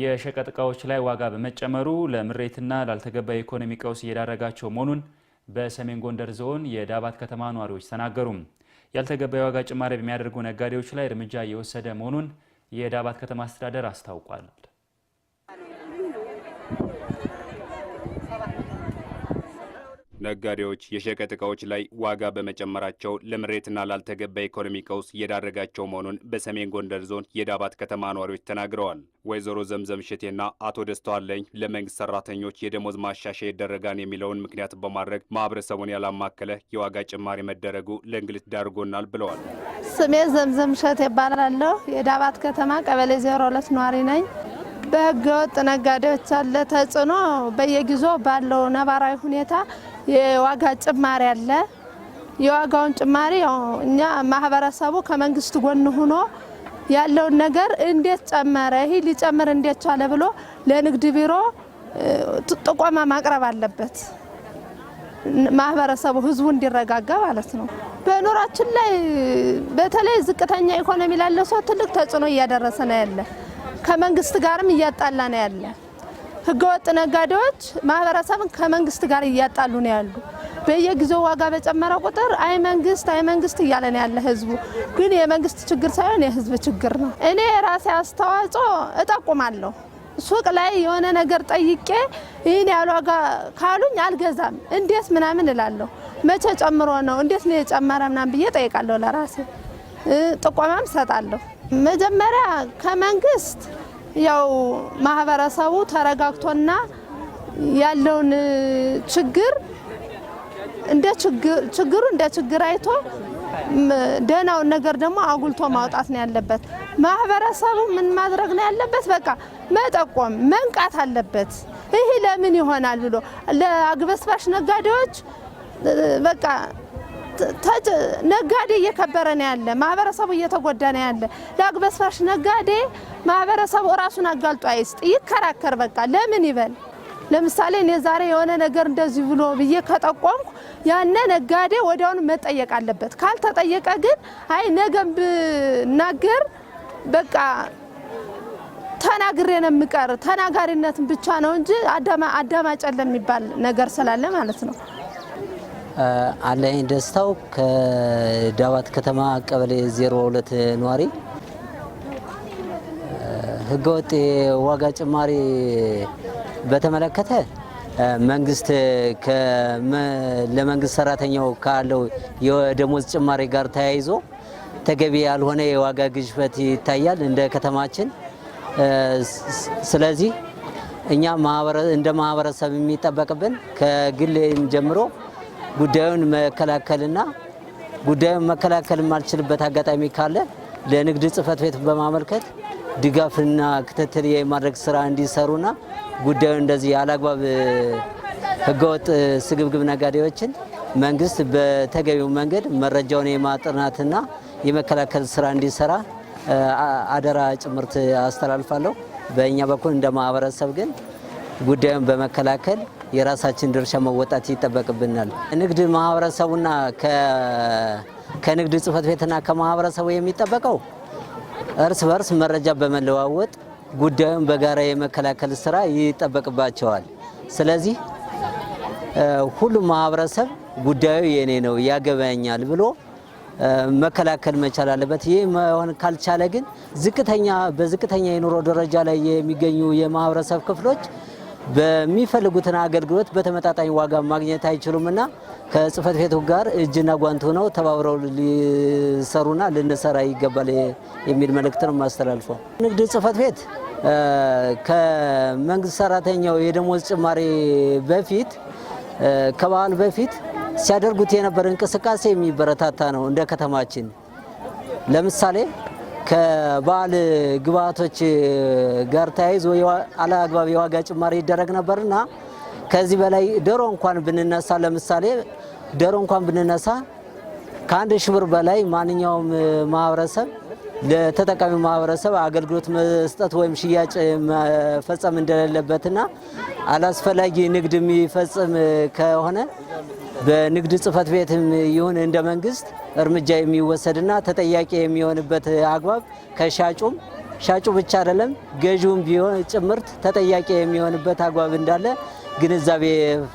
የሸቀጥ እቃዎች ላይ ዋጋ በመጨመሩ ለምሬትና ላልተገባ የኢኮኖሚ ቀውስ እየዳረጋቸው መሆኑን በሰሜን ጎንደር ዞን የዳባት ከተማ ነዋሪዎች ተናገሩ። ያልተገባ የዋጋ ጭማሪ በሚያደርጉ ነጋዴዎች ላይ እርምጃ እየወሰደ መሆኑን የዳባት ከተማ አስተዳደር አስታውቋል። ነጋዴዎች የሸቀጥ እቃዎች ላይ ዋጋ በመጨመራቸው ለምሬትና ላልተገባ ኢኮኖሚ ቀውስ እየዳረጋቸው መሆኑን በሰሜን ጎንደር ዞን የዳባት ከተማ ነዋሪዎች ተናግረዋል። ወይዘሮ ዘምዘም ሽቴና አቶ ደስተዋለኝ ለመንግስት ሰራተኞች የደሞዝ ማሻሻ ይደረጋን የሚለውን ምክንያት በማድረግ ማህበረሰቡን ያላማከለ የዋጋ ጭማሪ መደረጉ ለእንግልት ዳርጎናል ብለዋል። ስሜ ዘምዘም ሸት ይባላለሁ። የዳባት ከተማ ቀበሌ ዜሮ ሁለት ነዋሪ ነኝ። በህገወጥ ነጋዴዎች አለ ተጽዕኖ በየጊዜው ባለው ነባራዊ ሁኔታ የዋጋ ጭማሪ አለ። የዋጋውን ጭማሪ እኛ ማህበረሰቡ ከመንግስት ጎን ሆኖ ያለውን ነገር እንዴት ጨመረ፣ ይሄ ሊጨምር እንዴት ቻለ ብሎ ለንግድ ቢሮ ጥቆማ ማቅረብ አለበት። ማህበረሰቡ ህዝቡ እንዲረጋጋ ማለት ነው። በኑሯችን ላይ በተለይ ዝቅተኛ ኢኮኖሚ ላለ ሰው ትልቅ ተጽዕኖ እያደረሰ ነው ያለ፣ ከመንግስት ጋርም እያጣላ ነው ያለ። ህገወጥ ነጋዴዎች ማህበረሰብን ከመንግስት ጋር እያጣሉ ነው ያሉ። በየጊዜው ዋጋ በጨመረ ቁጥር አይ መንግስት አይ መንግስት እያለ ነው ያለ ህዝቡ። ግን የመንግስት ችግር ሳይሆን የህዝብ ችግር ነው። እኔ የራሴ አስተዋጽኦ እጠቁማለሁ። ሱቅ ላይ የሆነ ነገር ጠይቄ ይህን ያህል ዋጋ ካሉኝ አልገዛም፣ እንዴት ምናምን እላለሁ። መቼ ጨምሮ ነው እንዴት ነው የጨመረ ምናምን ብዬ ጠይቃለሁ። ለራሴ ጥቆማም ሰጣለሁ። መጀመሪያ ከመንግስት ያው ማህበረሰቡ ተረጋግቶና ያለውን ችግር እንደ ችግሩ እንደ ችግር አይቶ ደህናውን ነገር ደግሞ አጉልቶ ማውጣት ነው ያለበት። ማህበረሰቡ ምን ማድረግ ነው ያለበት? በቃ መጠቆም መንቃት አለበት። ይሄ ለምን ይሆናል ብሎ ለአግበስባሽ ነጋዴዎች በቃ ነጋዴ እየከበረ ነው ያለ፣ ማህበረሰቡ እየተጎዳ ነው ያለ። ዳግ በስፋሽ ነጋዴ ማህበረሰቡ ራሱን አጋልጦ አይስጥ፣ ይከራከር። በቃ ለምን ይበል። ለምሳሌ እኔ ዛሬ የሆነ ነገር እንደዚህ ብሎ ብዬ ከጠቆምኩ ያነ ነጋዴ ወዲያውኑ መጠየቅ አለበት። ካልተጠየቀ ግን አይ ነገም ብናገር በቃ ተናግሬ ነው የምቀር ተናጋሪነትን ብቻ ነው እንጂ አዳማ አዳማጨለም የሚባል ነገር ስላለ ማለት ነው። አለኝ ደስታው ከዳባት ከተማ ቀበሌ 02 ነዋሪ። ህገወጥ የዋጋ ጭማሪ በተመለከተ መንግስት ለመንግስት ሰራተኛው ካለው የደሞዝ ጭማሪ ጋር ተያይዞ ተገቢ ያልሆነ የዋጋ ግሽበት ይታያል እንደ ከተማችን። ስለዚህ እኛ እንደ ማህበረሰብ የሚጠበቅብን ከግል ጀምሮ ጉዳዩን መከላከልና ጉዳዩን መከላከል የማልችልበት አጋጣሚ ካለ ለንግድ ጽህፈት ቤት በማመልከት ድጋፍና ክትትል የማድረግ ስራ እንዲሰሩና ጉዳዩ እንደዚህ ያለአግባብ ህገወጥ ስግብግብ ነጋዴዎችን መንግስት በተገቢው መንገድ መረጃውን የማጥናትና የመከላከል ስራ እንዲሰራ አደራ ጭምርት አስተላልፋለሁ። በእኛ በኩል እንደ ማህበረሰብ ግን ጉዳዩን በመከላከል የራሳችን ድርሻ መወጣት ይጠበቅብናል። ንግድ ማህበረሰቡና ከንግድ ጽህፈት ቤትና ከማህበረሰቡ የሚጠበቀው እርስ በርስ መረጃ በመለዋወጥ ጉዳዩን በጋራ የመከላከል ስራ ይጠበቅባቸዋል። ስለዚህ ሁሉም ማህበረሰብ ጉዳዩ የኔ ነው ያገባኛል ብሎ መከላከል መቻል አለበት። ይህ መሆን ካልቻለ ግን ዝቅተኛ በዝቅተኛ የኑሮ ደረጃ ላይ የሚገኙ የማህበረሰብ ክፍሎች በሚፈልጉትን አገልግሎት በተመጣጣኝ ዋጋ ማግኘት አይችሉምና ከጽህፈት ቤቱ ጋር እጅና ጓንት ሆነው ተባብረው ሊሰሩና ልንሰራ ይገባል የሚል መልእክት ነው የማስተላልፈው። ንግድ ጽህፈት ቤት ከመንግስት ሰራተኛው የደሞዝ ጭማሪ በፊት ከበዓል በፊት ሲያደርጉት የነበረ እንቅስቃሴ የሚበረታታ ነው እንደ ከተማችን ለምሳሌ ከበዓል ግብአቶች ጋር ተያይዞ አላግባብ የዋጋ ጭማሪ ይደረግ ነበርና ከዚህ በላይ ዶሮ እንኳን ብንነሳ ለምሳሌ ዶሮ እንኳን ብንነሳ ከአንድ ሺህ ብር በላይ ማንኛውም ማህበረሰብ ለተጠቃሚ ማህበረሰብ አገልግሎት መስጠት ወይም ሽያጭ መፈጸም እንደሌለበትና አላስፈላጊ ንግድ የሚፈጽም ከሆነ በንግድ ጽህፈት ቤትም ይሁን እንደ መንግስት እርምጃ የሚወሰድና ተጠያቂ የሚሆንበት አግባብ ከሻጩም ሻጩ ብቻ አይደለም ገዢውም ቢሆን ጭምርት ተጠያቂ የሚሆንበት አግባብ እንዳለ ግንዛቤ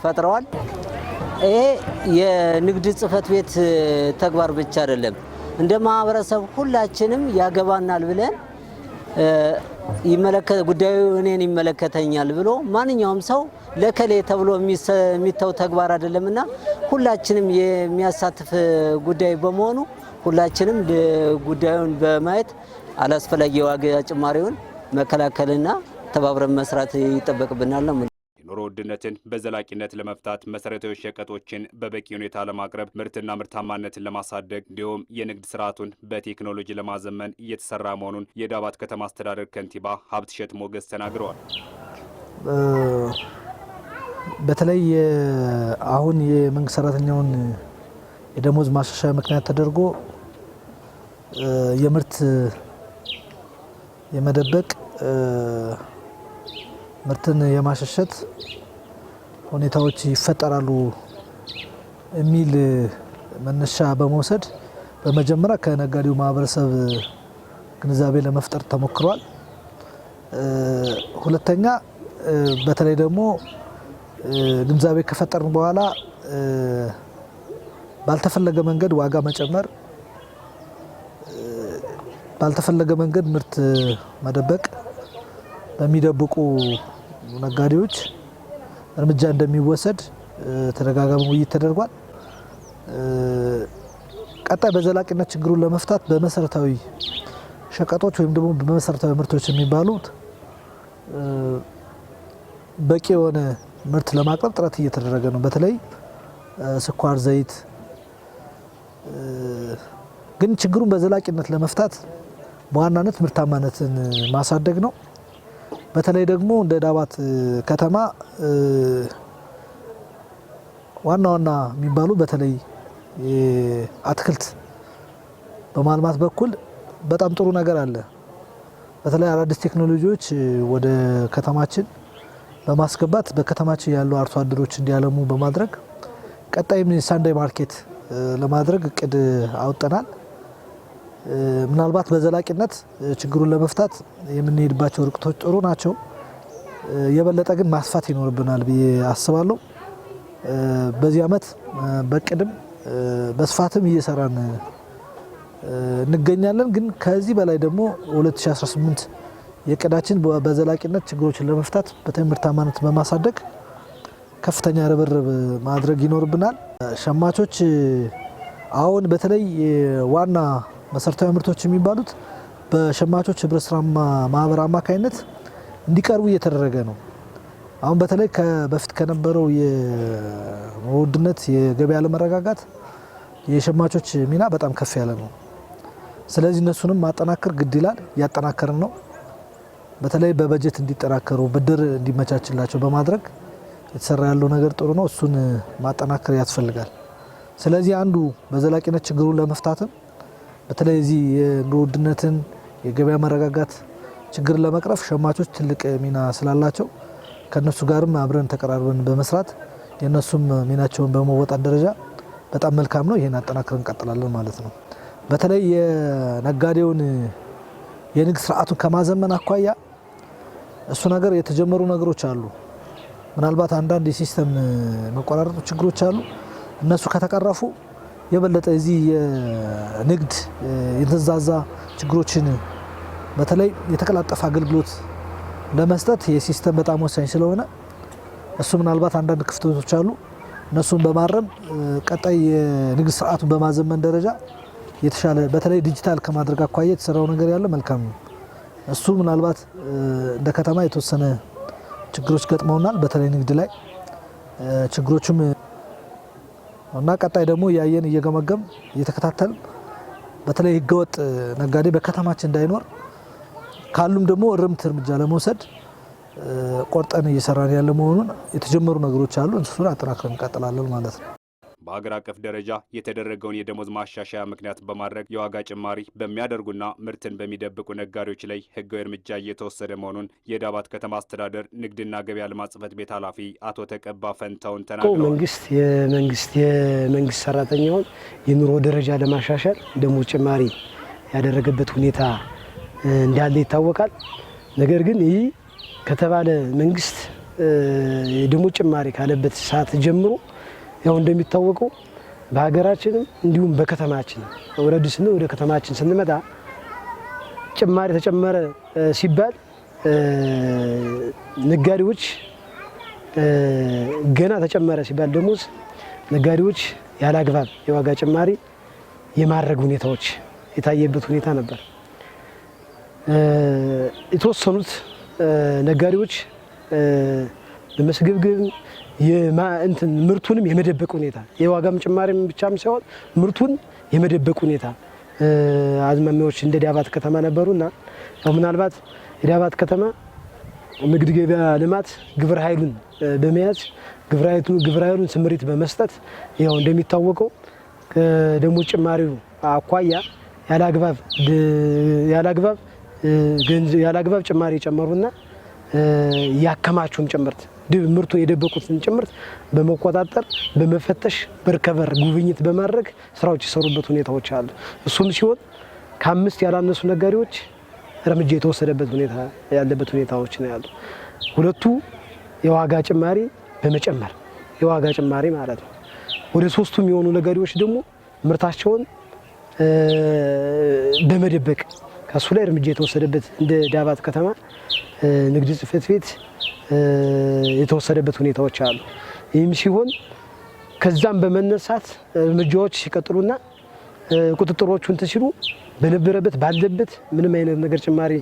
ፈጥረዋል። ይሄ የንግድ ጽህፈት ቤት ተግባር ብቻ አይደለም። እንደ ማህበረሰብ ሁላችንም ያገባናል ብለን ጉዳዩ እኔን ይመለከተኛል ብሎ ማንኛውም ሰው ለከሌ ተብሎ የሚተው ተግባር አይደለምና ሁላችንም የሚያሳትፍ ጉዳይ በመሆኑ ሁላችንም ጉዳዩን በማየት አላስፈላጊ የዋጋ ጭማሪውን መከላከልና ተባብረን መስራት ይጠበቅብናል ነው። ኑሮ ውድነትን በዘላቂነት ለመፍታት መሰረታዊ ሸቀጦችን በበቂ ሁኔታ ለማቅረብ ምርትና ምርታማነትን ለማሳደግ እንዲሁም የንግድ ስርዓቱን በቴክኖሎጂ ለማዘመን እየተሰራ መሆኑን የዳባት ከተማ አስተዳደር ከንቲባ ሀብትሸት ሞገስ ተናግረዋል። በተለይ አሁን የመንግስት ሰራተኛውን የደሞዝ ማሻሻያ ምክንያት ተደርጎ የምርት የመደበቅ ምርትን የማሸሸት ሁኔታዎች ይፈጠራሉ የሚል መነሻ በመውሰድ በመጀመሪያ ከነጋዴው ማህበረሰብ ግንዛቤ ለመፍጠር ተሞክሯል። ሁለተኛ በተለይ ደግሞ ግንዛቤ ከፈጠርን በኋላ ባልተፈለገ መንገድ ዋጋ መጨመር፣ ባልተፈለገ መንገድ ምርት መደበቅ በሚደብቁ ነጋዴዎች እርምጃ እንደሚወሰድ ተደጋጋሚ ውይይት ተደርጓል። ቀጣይ በዘላቂነት ችግሩን ለመፍታት በመሰረታዊ ሸቀጦች ወይም ደግሞ በመሰረታዊ ምርቶች የሚባሉት በቂ የሆነ ምርት ለማቅረብ ጥረት እየተደረገ ነው። በተለይ ስኳር፣ ዘይት ግን ችግሩን በዘላቂነት ለመፍታት በዋናነት ምርታማነትን ማሳደግ ነው። በተለይ ደግሞ እንደ ዳባት ከተማ ዋና ዋና የሚባሉ በተለይ አትክልት በማልማት በኩል በጣም ጥሩ ነገር አለ። በተለይ አዳዲስ ቴክኖሎጂዎች ወደ ከተማችን በማስገባት በከተማችን ያሉ አርሶ አደሮች እንዲያለሙ በማድረግ ቀጣይም ሳንዳይ ማርኬት ለማድረግ እቅድ አውጠናል። ምናልባት በዘላቂነት ችግሩን ለመፍታት የምንሄድባቸው ርቀቶች ጥሩ ናቸው። የበለጠ ግን ማስፋት ይኖርብናል ብዬ አስባለሁ። በዚህ ዓመት በቅድም በስፋትም እየሰራን እንገኛለን። ግን ከዚህ በላይ ደግሞ 2018 የቅዳችን በዘላቂነት ችግሮችን ለመፍታት በምርታማነት በማሳደግ ከፍተኛ ርብርብ ማድረግ ይኖርብናል። ሸማቾች አሁን በተለይ ዋና መሰረታዊ ምርቶች የሚባሉት በሸማቾች ህብረት ስራ ማህበር አማካኝነት እንዲቀርቡ እየተደረገ ነው። አሁን በተለይ በፊት ከነበረው የውድነት የገበያ አለመረጋጋት የሸማቾች ሚና በጣም ከፍ ያለ ነው። ስለዚህ እነሱንም ማጠናከር ግድ ይላል። እያጠናከርን ነው። በተለይ በበጀት እንዲጠናከሩ ብድር እንዲመቻችላቸው በማድረግ የተሰራ ያለው ነገር ጥሩ ነው። እሱን ማጠናከር ያስፈልጋል። ስለዚህ አንዱ በዘላቂነት ችግሩን ለመፍታትም በተለይ እዚህ የኑሮ ውድነትን የገበያ መረጋጋት ችግር ለመቅረፍ ሸማቾች ትልቅ ሚና ስላላቸው ከእነሱ ጋርም አብረን ተቀራርበን በመስራት የእነሱም ሚናቸውን በመወጣት ደረጃ በጣም መልካም ነው። ይህን አጠናክረን እንቀጥላለን ማለት ነው። በተለይ የነጋዴውን የንግድ ስርዓቱን ከማዘመን አኳያ እሱ ነገር የተጀመሩ ነገሮች አሉ። ምናልባት አንዳንድ የሲስተም መቆራረጡ ችግሮች አሉ። እነሱ ከተቀረፉ የበለጠ እዚህ የንግድ የተዛዛ ችግሮችን በተለይ የተቀላጠፈ አገልግሎት ለመስጠት የሲስተም በጣም ወሳኝ ስለሆነ እሱ ምናልባት አንዳንድ ክፍተቶች አሉ። እነሱን በማረም ቀጣይ የንግድ ስርዓቱን በማዘመን ደረጃ የተሻለ በተለይ ዲጂታል ከማድረግ አኳያ የተሰራው ነገር ያለ መልካም ነው። እሱ ምናልባት እንደ ከተማ የተወሰነ ችግሮች ገጥመውናል። በተለይ ንግድ ላይ ችግሮቹም እና ቀጣይ ደግሞ እያየን እየገመገም እየተከታተል በተለይ ህገወጥ ነጋዴ በከተማችን እንዳይኖር ካሉም ደግሞ እርምት እርምጃ ለመውሰድ ቆርጠን እየሰራን ያለ መሆኑን የተጀመሩ ነገሮች አሉ። እንሱን አጠናክረን እንቀጥላለን ማለት ነው። በሀገር አቀፍ ደረጃ የተደረገውን የደሞዝ ማሻሻያ ምክንያት በማድረግ የዋጋ ጭማሪ በሚያደርጉና ምርትን በሚደብቁ ነጋዴዎች ላይ ህጋዊ እርምጃ እየተወሰደ መሆኑን የዳባት ከተማ አስተዳደር ንግድና ገበያ ልማት ጽሕፈት ቤት ኃላፊ አቶ ተቀባ ፈንታውን ተናግረዋል። መንግስት የመንግስት የመንግስት ሰራተኛውን የኑሮ ደረጃ ለማሻሻል ደሞዝ ጭማሪ ያደረገበት ሁኔታ እንዳለ ይታወቃል። ነገር ግን ይህ ከተባለ መንግስት የደሞዝ ጭማሪ ካለበት ሰዓት ጀምሮ ያው እንደሚታወቀው በሀገራችንም እንዲሁም በከተማችን ወረድ ስንል ወደ ከተማችን ስንመጣ ጭማሪ ተጨመረ ሲባል ነጋዴዎች ገና ተጨመረ ሲባል ደሞዝ ነጋዴዎች ያለ አግባብ የዋጋ ጭማሪ የማድረግ ሁኔታዎች የታየበት ሁኔታ ነበር። የተወሰኑት ነጋዴዎች በመስግብግብ ምርቱንም የመደበቅ ሁኔታ የዋጋም ጭማሪም ብቻም ሳይሆን ምርቱን የመደበቅ ሁኔታ አዝማሚያዎች እንደ ዳባት ከተማ ነበሩና ያው ምናልባት የዳባት ከተማ ንግድ ገበያ ልማት ግብረ ኃይሉን በመያዝ ግብረ ኃይሉን ስምሪት በመስጠት ያው እንደሚታወቀው ከደሞዝ ጭማሪው አኳያ ያለ ያላግባብ ጭማሪ የጨመሩና ያከማቸውን ጭምርት ምርቱ የደበቁትን ጭምርት በመቆጣጠር በመፈተሽ በርከበር ጉብኝት በማድረግ ስራዎች የሰሩበት ሁኔታዎች አሉ። እሱም ሲሆን ከአምስት ያላነሱ ነጋዴዎች እርምጃ የተወሰደበት ሁኔታ ያለበት ሁኔታዎች ነው ያሉ። ሁለቱ የዋጋ ጭማሪ በመጨመር የዋጋ ጭማሪ ማለት ነው። ወደ ሶስቱ የሚሆኑ ነጋዴዎች ደግሞ ምርታቸውን በመደበቅ ከእሱ ላይ እርምጃ የተወሰደበት እንደ ዳባት ከተማ ንግድ ጽሕፈት ቤት የተወሰደበት ሁኔታዎች አሉ። ይህም ሲሆን ከዛም በመነሳት እርምጃዎች ሲቀጥሉና ቁጥጥሮቹ እንትን ሲሉ በነበረበት ባለበት ምንም አይነት ነገር ጭማሪ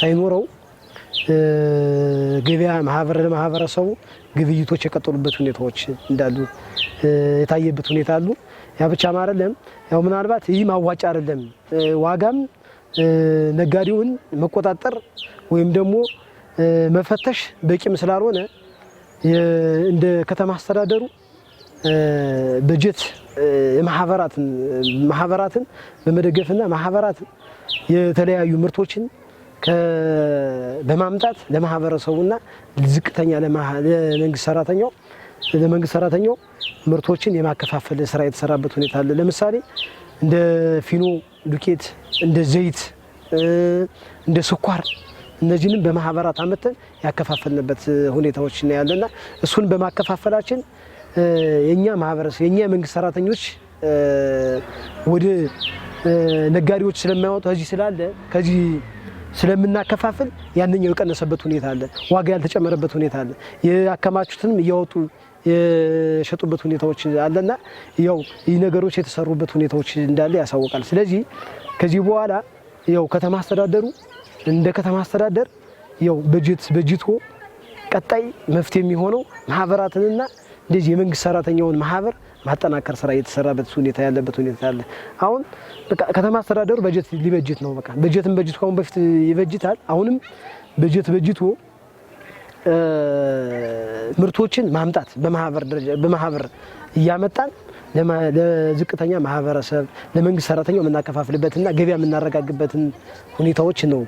ሳይኖረው ገበያ ማህበረ ለማህበረሰቡ ግብይቶች የቀጠሉበት ሁኔታዎች እንዳሉ የታየበት ሁኔታ አሉ። ያ ብቻ አይደለም፣ ያው ምናልባት ይህም አዋጭ አይደለም ዋጋም ነጋዴውን መቆጣጠር ወይም ደግሞ መፈተሽ በቂም ስላልሆነ እንደ ከተማ አስተዳደሩ በጀት ማህበራትን በመደገፍና ማህበራትን የተለያዩ ምርቶችን በማምጣት ለማህበረሰቡና ዝቅተኛ ለመንግስት ሰራተኛው ለመንግስት ሰራተኛው ምርቶችን የማከፋፈል ስራ የተሰራበት ሁኔታ አለ። ለምሳሌ እንደ ፊኖ ዱቄት፣ እንደ ዘይት፣ እንደ ስኳር እነዚህንም በማህበራት አመተን ያከፋፈልንበት ሁኔታዎች ና ያለና እሱን በማከፋፈላችን የኛ ማህበረሰብ የእኛ የመንግስት ሰራተኞች ወደ ነጋዴዎች ስለማያወጡ ከዚህ ስላለ ከዚህ ስለምናከፋፍል ያንኛው የቀነሰበት ሁኔታ አለ። ዋጋ ያልተጨመረበት ሁኔታ አለ። የአከማቹትንም እያወጡ የሸጡበት ሁኔታዎች አለና ያው ይህ ነገሮች የተሰሩበት ሁኔታዎች እንዳለ ያሳውቃል። ስለዚህ ከዚህ በኋላ ያው ከተማ አስተዳደሩ እንደ ከተማ አስተዳደር ያው በጀት በጅቶ ቀጣይ መፍትሄ የሚሆነው ማህበራትንና እንደዚህ የመንግስት ሰራተኛውን ማህበር ማጠናከር ስራ እየተሰራበት ሁኔታ ያለበት ሁኔታ አለ። አሁን በቃ ከተማ አስተዳደሩ በጀት ሊበጅት ነው። በቃ በጀትን በጅት ከአሁን በፊት ይበጅታል። አሁንም በጀት በጅቶ ምርቶችን ማምጣት በማህበር ደረጃ በማህበር እያመጣን ለዝቅተኛ ማህበረሰብ ለመንግስት ሰራተኛው የምናከፋፍልበትና ገበያ የምናረጋግበትን ሁኔታዎች ነው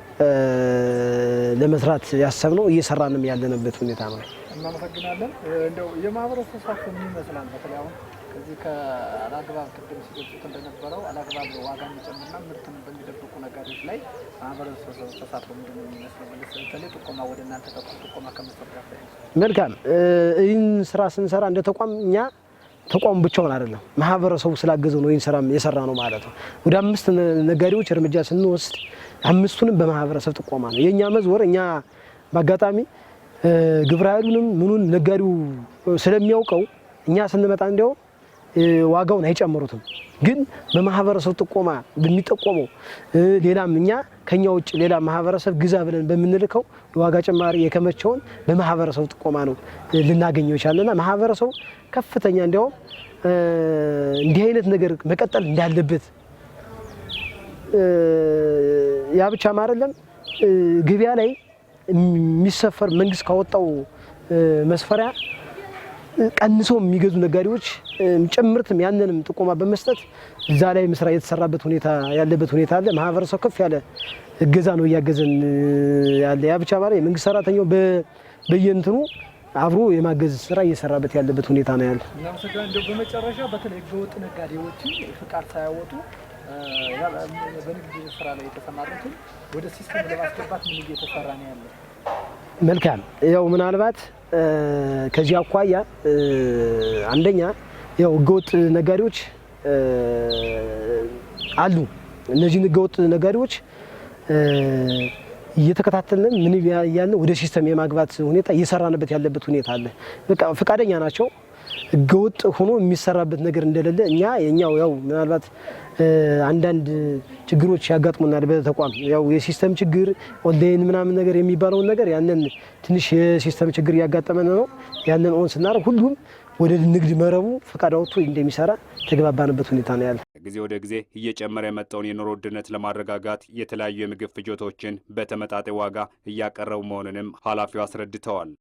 ለመስራት ያሰብነው እየሰራንም ያለንበት ሁኔታ ነው። እናመሰግናለን። እንደው የማህበረሰብ ተሳትፎ ምን ይመስላል? በተለይ አሁን ከዚህ ከአላግባብ ቅድም ሲገልጹት እንደነበረው አላግባብ ዋጋ የሚጨምርና ምርትን በሚደብ ቀሪዎች ላይ ማህበረሰብ ተሳትፎ ምንድን ነው የሚመስለው? በተለይ ጥቆማ ወደ እናንተ ተቋም ጥቆማ ከመስጠት መልካም። ይህን ስራ ስንሰራ እንደ ተቋም እኛ ተቋሙ ብቻውን አይደለም ማህበረሰቡ ስላገዘ ነው ይህን ስራ የሰራ ነው ማለት ነው። ወደ አምስት ነጋዴዎች እርምጃ ስንወስድ አምስቱንም በማህበረሰብ ጥቆማ ነው የእኛ መዝወር እኛ በአጋጣሚ ግብረ ኃይሉንም ምኑን ነጋዴው ስለሚያውቀው እኛ ስንመጣ እንዲያውም ዋጋውን አይጨምሩትም። ግን በማህበረሰብ ጥቆማ በሚጠቆመው ሌላም እኛ ከኛ ውጭ ሌላ ማህበረሰብ ግዛ ብለን በምንልከው የዋጋ ጭማሪ የከመቸውን በማህበረሰብ ጥቆማ ነው ልናገኘው ይቻለና ማህበረሰቡ ከፍተኛ እንዲያውም እንዲህ አይነት ነገር መቀጠል እንዳለበት ያ ብቻም አይደለም ገበያ ላይ የሚሰፈር መንግስት ካወጣው መስፈሪያ ቀንሰው የሚገዙ ነጋዴዎች ጭምርትም ያንንም ጥቆማ በመስጠት እዛ ላይ ስራ የተሰራበት ሁኔታ ያለበት ሁኔታ አለ። ማህበረሰቡ ከፍ ያለ እገዛ ነው እያገዘን ያለ። ያ ብቻ ማለት የመንግስት ሰራተኛው በየእንትኑ አብሮ የማገዝ ስራ እየሰራበት ያለበት ሁኔታ ነው ያለ። በመጨረሻ በተለይ ህገወጥ ነጋዴዎችን ፍቃድ ሳያወጡ በንግድ ስራ ላይ የተሰማሩትን ወደ ሲስተም ለማስገባት ምን እየተሰራ ነው ያለ? መልካም ያው ምናልባት ከዚህ አኳያ አንደኛ ያው ህገወጥ ነጋዴዎች አሉ። እነዚህን ህገወጥ ነጋዴዎች እየተከታተልን ምን ያለ ወደ ሲስተም የማግባት ሁኔታ እየሰራንበት ያለበት ሁኔታ አለ። በቃ ፈቃደኛ ናቸው። ህገወጥ ሆኖ የሚሰራበት ነገር እንደሌለ እኛ የኛው ያው ምናልባት አንዳንድ ችግሮች ያጋጥሙናል በተቋም ያው የሲስተም ችግር ኦንላይን ምናምን ነገር የሚባለውን ነገር ያንን ትንሽ የሲስተም ችግር እያጋጠመን ነው። ያንን ኦን ስናደርግ ሁሉም ወደ ንግድ መረቡ ፈቃድ አውጥቶ እንደሚሰራ ተግባባንበት ሁኔታ ነው ያለ። ከጊዜ ወደ ጊዜ እየጨመረ የመጣውን የኑሮ ውድነት ለማረጋጋት የተለያዩ የምግብ ፍጆቶችን በተመጣጣኝ ዋጋ እያቀረቡ መሆኑንም ኃላፊው አስረድተዋል።